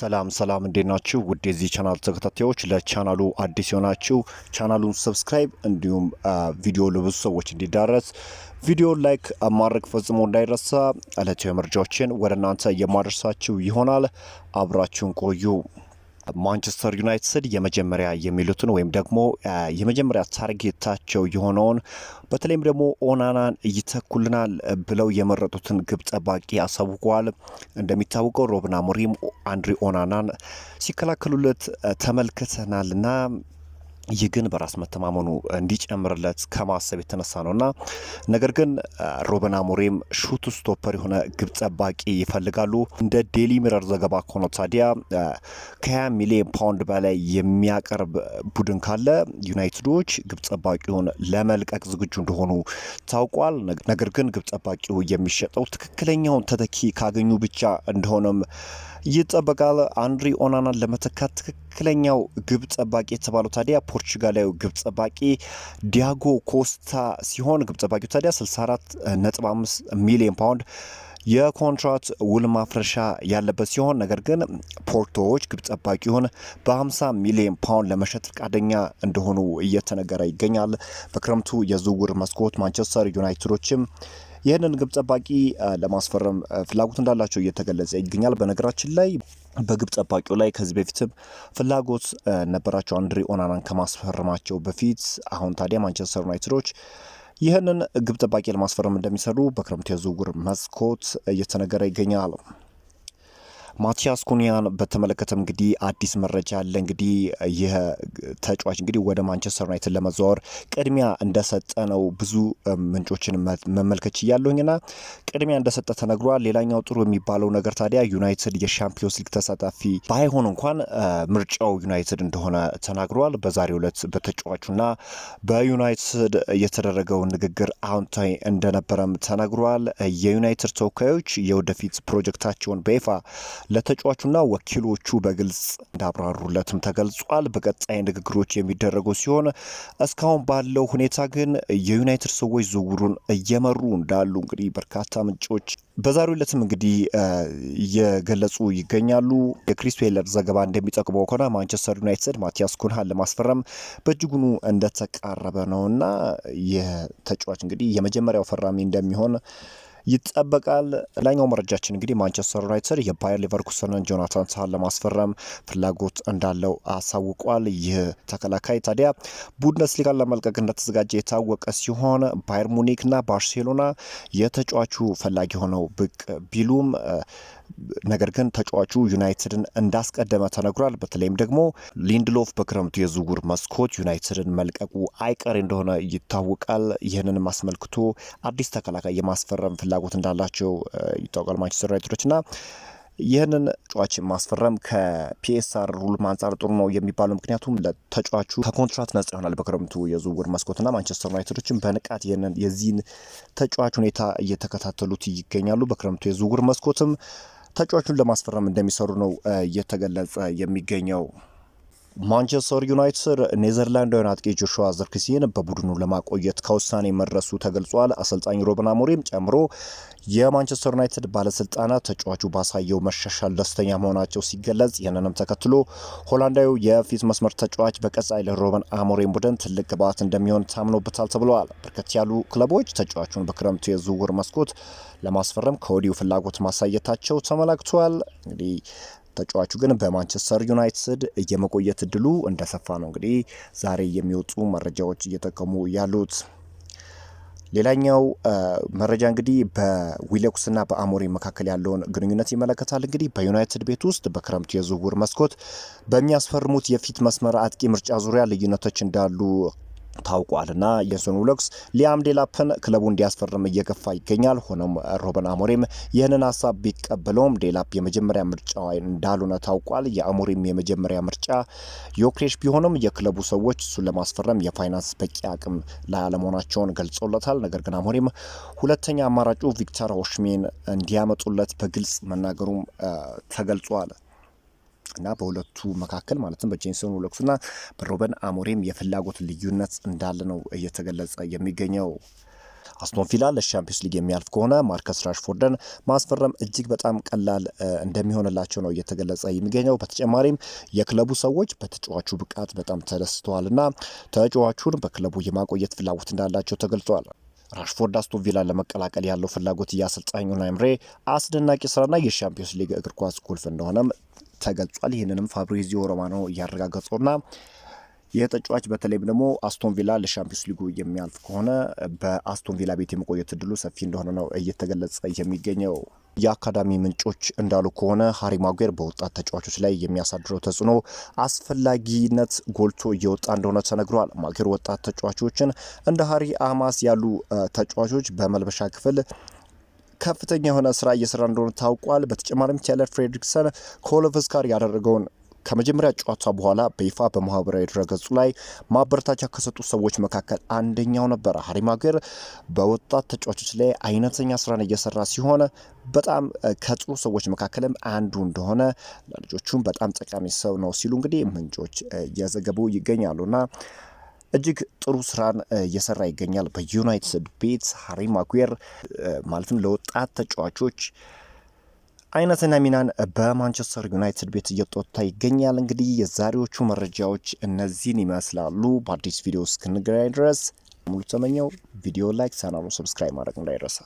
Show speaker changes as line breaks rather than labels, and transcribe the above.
ሰላም ሰላም፣ እንዴት ናችሁ? ውድ የዚህ ቻናል ተከታታዮች፣ ለቻናሉ አዲስ የሆናችሁ ቻናሉን ሰብስክራይብ፣ እንዲሁም ቪዲዮ ለብዙ ሰዎች እንዲዳረስ ቪዲዮ ላይክ ማድረግ ፈጽሞ እንዳይረሳ። ዕለታዊ መረጃዎችን ወደ እናንተ የማደርሳችሁ ይሆናል። አብራችሁን ቆዩ። ማንቸስተር ዩናይትድ የመጀመሪያ የሚሉትን ወይም ደግሞ የመጀመሪያ ታርጌታቸው የሆነውን በተለይም ደግሞ ኦናናን ይተኩልናል ብለው የመረጡትን ግብ ጠባቂ አሳውቀዋል። እንደሚታወቀው ሮብና ሞሪም አንድሪ ኦናናን ሲከላከሉለት ተመልክተናልና ይህ ግን በራስ መተማመኑ እንዲጨምርለት ከማሰብ የተነሳ ነውና፣ ነገር ግን ሮበን አሞሪም ሹት ስቶፐር የሆነ ግብ ጠባቂ ይፈልጋሉ። እንደ ዴሊ ሚረር ዘገባ ከሆነ ታዲያ ከ20 ሚሊዮን ፓውንድ በላይ የሚያቀርብ ቡድን ካለ ዩናይትዶች ግብ ጠባቂውን ለመልቀቅ ዝግጁ እንደሆኑ ታውቋል። ነገር ግን ግብ ጠባቂው የሚሸጠው ትክክለኛውን ተተኪ ካገኙ ብቻ እንደሆነም ይጠበቃል። አንድሪ ኦናናን ለመተካት ትክክለኛው ግብ ጠባቂ የተባለው ታዲያ ፖርቹጋላዊ ግብ ጠባቂ ዲያጎ ኮስታ ሲሆን ግብ ጠባቂው ታዲያ 64 ነጥብ 5 ሚሊዮን ፓውንድ የኮንትራት ውል ማፍረሻ ያለበት ሲሆን ነገር ግን ፖርቶዎች ግብ ጠባቂውን በ50 ሚሊዮን ፓውንድ ለመሸጥ ፈቃደኛ እንደሆኑ እየተነገረ ይገኛል። በክረምቱ የዝውውር መስኮት ማንቸስተር ዩናይትዶችም ይህንን ግብ ጠባቂ ለማስፈረም ፍላጎት እንዳላቸው እየተገለጸ ይገኛል። በነገራችን ላይ በግብ ጠባቂው ላይ ከዚህ በፊትም ፍላጎት ነበራቸው አንድሪ ኦናናን ከማስፈረማቸው በፊት። አሁን ታዲያ ማንቸስተር ዩናይትዶች ይህንን ግብ ጠባቂ ለማስፈረም እንደሚሰሩ በክረምት የዝውውር መስኮት እየተነገረ ይገኛል። ማቲያስ ኩኒያን በተመለከተ እንግዲህ አዲስ መረጃ አለ። እንግዲህ ይህ ተጫዋች እንግዲህ ወደ ማንቸስተር ዩናይትድ ለመዘዋወር ቅድሚያ እንደሰጠ ነው ብዙ ምንጮችን መመልከች እያለሁኝ ና ቅድሚያ እንደሰጠ ተነግሯል። ሌላኛው ጥሩ የሚባለው ነገር ታዲያ ዩናይትድ የሻምፒዮንስ ሊግ ተሳታፊ ባይሆን እንኳን ምርጫው ዩናይትድ እንደሆነ ተናግሯል። በዛሬው ዕለት በተጫዋቹ ና በዩናይትድ የተደረገው ንግግር አዎንታዊ እንደነበረም ተነግሯል። የዩናይትድ ተወካዮች የወደፊት ፕሮጀክታቸውን በይፋ ለተጫዋቹና ወኪሎቹ በግልጽ እንዳብራሩለትም ተገልጿል። በቀጣይ ንግግሮች የሚደረጉ ሲሆን እስካሁን ባለው ሁኔታ ግን የዩናይትድ ሰዎች ዝውውሩን እየመሩ እንዳሉ እንግዲህ በርካታ ምንጮች በዛሬው ዕለትም እንግዲህ እየገለጹ ይገኛሉ። የክሪስ ዌለር ዘገባ እንደሚጠቅመው ከሆነ ማንቸስተር ዩናይትድ ማቲያስ ኩንሃን ለማስፈረም በእጅጉኑ እንደተቃረበ ነውና የተጫዋች እንግዲህ የመጀመሪያው ፈራሚ እንደሚሆን ይጠበቃል። ላይኛው መረጃችን እንግዲህ ማንቸስተር ዩናይትድ የባየር ሊቨርኩሰንን ጆናታን ሳሃን ለማስፈረም ፍላጎት እንዳለው አሳውቋል። ይህ ተከላካይ ታዲያ ቡንደስሊጋን ለመልቀቅ እንደተዘጋጀ የታወቀ ሲሆን ባየር ሙኒክና ባርሴሎና የተጫዋቹ ፈላጊ ሆነው ብቅ ቢሉም ነገር ግን ተጫዋቹ ዩናይትድን እንዳስቀደመ ተነግሯል። በተለይም ደግሞ ሊንድሎፍ በክረምቱ የዝውውር መስኮት ዩናይትድን መልቀቁ አይቀሬ እንደሆነ ይታወቃል። ይህንን አስመልክቶ አዲስ ተከላካይ የማስፈረም ፍላጎት እንዳላቸው ይታወቃል ማንቸስተር ና ይህንን ተጫዋች ማስፈረም ከፒኤስአር ሩል አንጻር ጥሩ ነው የሚባለው ምክንያቱም ለተጫዋቹ ከኮንትራት ነጻ ይሆናል በክረምቱ የዝውውር ና ማንቸስተር ዩናይትዶችን በንቃት ይህንን የዚህን ተጫዋች ሁኔታ እየተከታተሉት ይገኛሉ። በክረምቱ የዝውውር መስኮትም ተጫዋቹን ለማስፈረም እንደሚሰሩ ነው እየተገለጸ የሚገኘው። ማንቸስተር ዩናይትድ ኔዘርላንዳዊን አጥቂ ጆሹዋ ዘርክሲን በቡድኑ ለማቆየት ከውሳኔ መድረሱ ተገልጿል። አሰልጣኝ ሮበን አሞሪም ጨምሮ የማንቸስተር ዩናይትድ ባለስልጣናት ተጫዋቹ ባሳየው መሻሻል ደስተኛ መሆናቸው ሲገለጽ፣ ይህንንም ተከትሎ ሆላንዳዊው የፊት መስመር ተጫዋች በቀጣይ ለሮበን አሞሪም ቡድን ትልቅ ግብዓት እንደሚሆን ታምኖበታል ተብለዋል። በርከት ያሉ ክለቦች ተጫዋቹን በክረምቱ የዝውውር መስኮት ለማስፈረም ከወዲሁ ፍላጎት ማሳየታቸው ተመላክቷል። እንግዲህ ተጫዋቹ ግን በማንቸስተር ዩናይትድ የመቆየት እድሉ እንደሰፋ ነው እንግዲህ ዛሬ የሚወጡ መረጃዎች እየጠቀሙ ያሉት። ሌላኛው መረጃ እንግዲህ በዊሌኩስና በአሞሪም መካከል ያለውን ግንኙነት ይመለከታል። እንግዲህ በዩናይትድ ቤት ውስጥ በክረምቱ የዝውውር መስኮት በሚያስፈርሙት የፊት መስመር አጥቂ ምርጫ ዙሪያ ልዩነቶች እንዳሉ ታውቋል እና የሱን ውሎክስ ሊያም ዴላፕን ክለቡ እንዲያስፈርም እየገፋ ይገኛል። ሆኖም ሮበን አሞሪም ይህንን ሀሳብ ቢቀበለውም ዴላፕ የመጀመሪያ ምርጫ እንዳልሆነ ታውቋል። የአሞሪም የመጀመሪያ ምርጫ ዮክሬሽ ቢሆንም የክለቡ ሰዎች እሱን ለማስፈረም የፋይናንስ በቂ አቅም ላይ አለመሆናቸውን ገልጾለታል። ነገር ግን አሞሪም ሁለተኛ አማራጩ ቪክተር ኦሽሜን እንዲያመጡለት በግልጽ መናገሩም ተገልጿል። እና በሁለቱ መካከል ማለትም በጄንሰን እና በሮበን አሞሬም የፍላጎት ልዩነት እንዳለ ነው እየተገለጸ የሚገኘው። አስቶን ቪላ ለሻምፒዮንስ ሊግ የሚያልፍ ከሆነ ማርከስ ራሽፎርድን ማስፈረም እጅግ በጣም ቀላል እንደሚሆንላቸው ነው እየተገለጸ የሚገኘው። በተጨማሪም የክለቡ ሰዎች በተጫዋቹ ብቃት በጣም ተደስተዋልና ተጫዋቹን በክለቡ የማቆየት ፍላጎት እንዳላቸው ተገልጿል። ራሽፎርድ አስቶን ቪላ ለመቀላቀል ያለው ፍላጎት የአሰልጣኙ ናይምሬ አስደናቂ ስራና የሻምፒዮንስ ሊግ እግር ኳስ ቁልፍ እንደሆነም ተገልጿል። ይህንንም ፋብሪዚዮ ሮማኖ እያረጋገጸውና የተጫዋች በተለይም ደግሞ አስቶን ቪላ ለሻምፒዮንስ ሊጉ የሚያልፍ ከሆነ በአስቶን ቪላ ቤት የመቆየት እድሉ ሰፊ እንደሆነ ነው እየተገለጸ የሚገኘው። የአካዳሚ ምንጮች እንዳሉ ከሆነ ሀሪ ማጉዌር በወጣት ተጫዋቾች ላይ የሚያሳድረው ተጽዕኖ አስፈላጊነት ጎልቶ እየወጣ እንደሆነ ተነግሯል። ማጉዌር ወጣት ተጫዋቾችን እንደ ሀሪ አማስ ያሉ ተጫዋቾች በመልበሻ ክፍል ከፍተኛ የሆነ ስራ እየሰራ እንደሆነ ታውቋል። በተጨማሪም ቴለር ፍሬድሪክሰን ከወልቭስ ጋር ያደረገውን ከመጀመሪያ ጨዋታ በኋላ በይፋ በማህበራዊ ድረገጹ ላይ ማበረታቻ ከሰጡ ሰዎች መካከል አንደኛው ነበረ። ሃሪ በወጣት ተጫዋቾች ላይ አይነተኛ ስራን እየሰራ ሲሆን በጣም ከጥሩ ሰዎች መካከልም አንዱ እንደሆነ ለልጆቹም በጣም ጠቃሚ ሰው ነው ሲሉ እንግዲህ ምንጮች እየዘገቡ ይገኛሉና እጅግ ጥሩ ስራን እየሰራ ይገኛል። በዩናይትድ ቤትስ ሃሪ ማጉዌር ማለትም ለወጣት ተጫዋቾች አይነትና ሚናን በማንቸስተር ዩናይትድ ቤት እየጦታ ይገኛል። እንግዲህ የዛሬዎቹ መረጃዎች እነዚህን ይመስላሉ። በአዲስ ቪዲዮ እስክንገናኝ ድረስ ሙሉ ተመኘው። ቪዲዮ ላይክ፣ ቻናሉን ሰብስክራይብ ማድረግ እንዳይረሳ።